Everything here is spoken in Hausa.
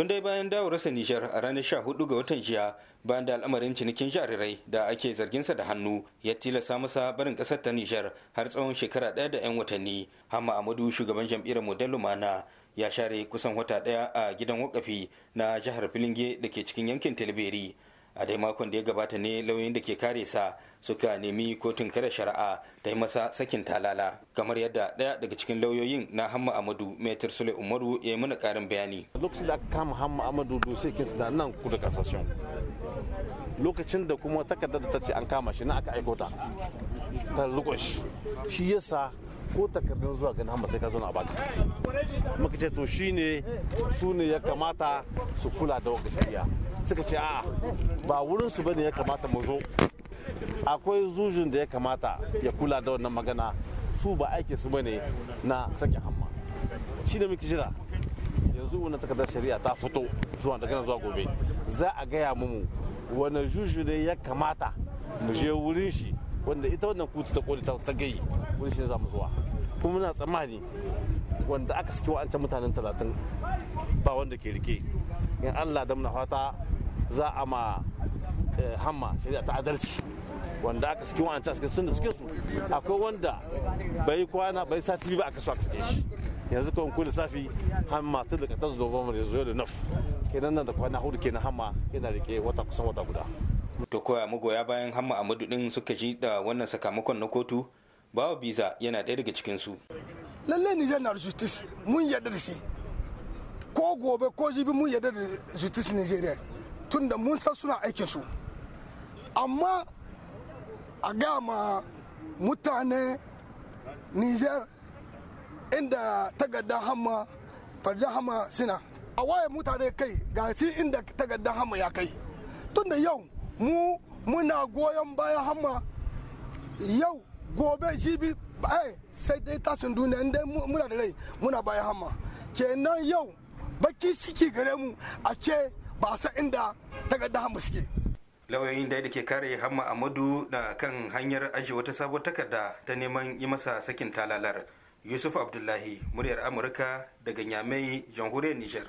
tun dai bayan dawo rasa nishar a ranar 14 ga watan jiya bayan da al'amarin cinikin jarirai da ake zarginsa da hannu ya tilasta masa barin kasar ta nishar har tsawon shekara ɗaya da 'yan watanni hamma amadu shugaban jam'iyyar model lumana ya share kusan wata ɗaya a gidan wakafi na jihar filinge da ke cikin yankin tilberi a dai makon da ya gabata ne lauyoyin da ke kare sa suka nemi kotun kare shari'a ta yi masa sakin talala kamar yadda ɗaya daga cikin lauyoyin na hamma amadu metir sule umaru ya yi mana karin bayani lokacin da aka kama hamma amadu dose kinsu da nan kudu kasashen lokacin da kuma takardar da ta ce an kama shi na aka aikota ta riko shi shi yasa ko takardun zuwa ganin hamba sai ka zauna a baka muka ce to shine su ne ya kamata su kula da wanga shari'a suka ce a ba wurin su bane ya kamata mu zo akwai zujin da ya kamata ya kula da wannan magana su ba aiki su bane na sake hamma shi ne muke jira yanzu wannan takardar shari'a ta fito zuwa daga nan zuwa gobe za a gaya mu wani juju ne ya kamata mu je wurin shi wanda ita wannan kutu ta kodi ta gai wani shi za mu zuwa kuma muna tsammani wanda aka saki wa'ancan mutanen talatin ba wanda ke rike in allah da muna fata za a ma eh, hamma shari'a ta adalci wanda aka saki wa'ancan suke sun da suke su akwai wanda bai kwana bai sati ba aka so aka sake shi yanzu kawai kuli lissafi hamma tun daga tasu zuwa ya zo da naf kenan nan da kwana hudu kenan hamma yana rike wata kusan wata guda To koya magoya bayan hamma Amadu din suka ji da wannan sakamakon na kotu bawa biza yana ɗaya daga cikin su. Lallai Nijar na justice mun yarda da shi. Ko gobe ko jibi mun yarda da justice Nijeriya tunda mun san suna aikin su. Amma a gama mutane niger inda tagaddan hamma farjan hama suna a waye mutane kai ga shi inda tagaddan hama ya kai tunda yau mu muna goyon bayan hamma yau gobe jibi ai sai dai tasin duniya inda muna da rai muna bayan hamma kenan yau baki ciki gare mu a ce ba san inda takarda hamma suke lauyoyin da ke kare hamma amadu na kan hanyar ajiye wata sabuwar takarda ta neman yi masa sakin talalar yusuf abdullahi muryar amurka daga nyamai jamhuriyar nijar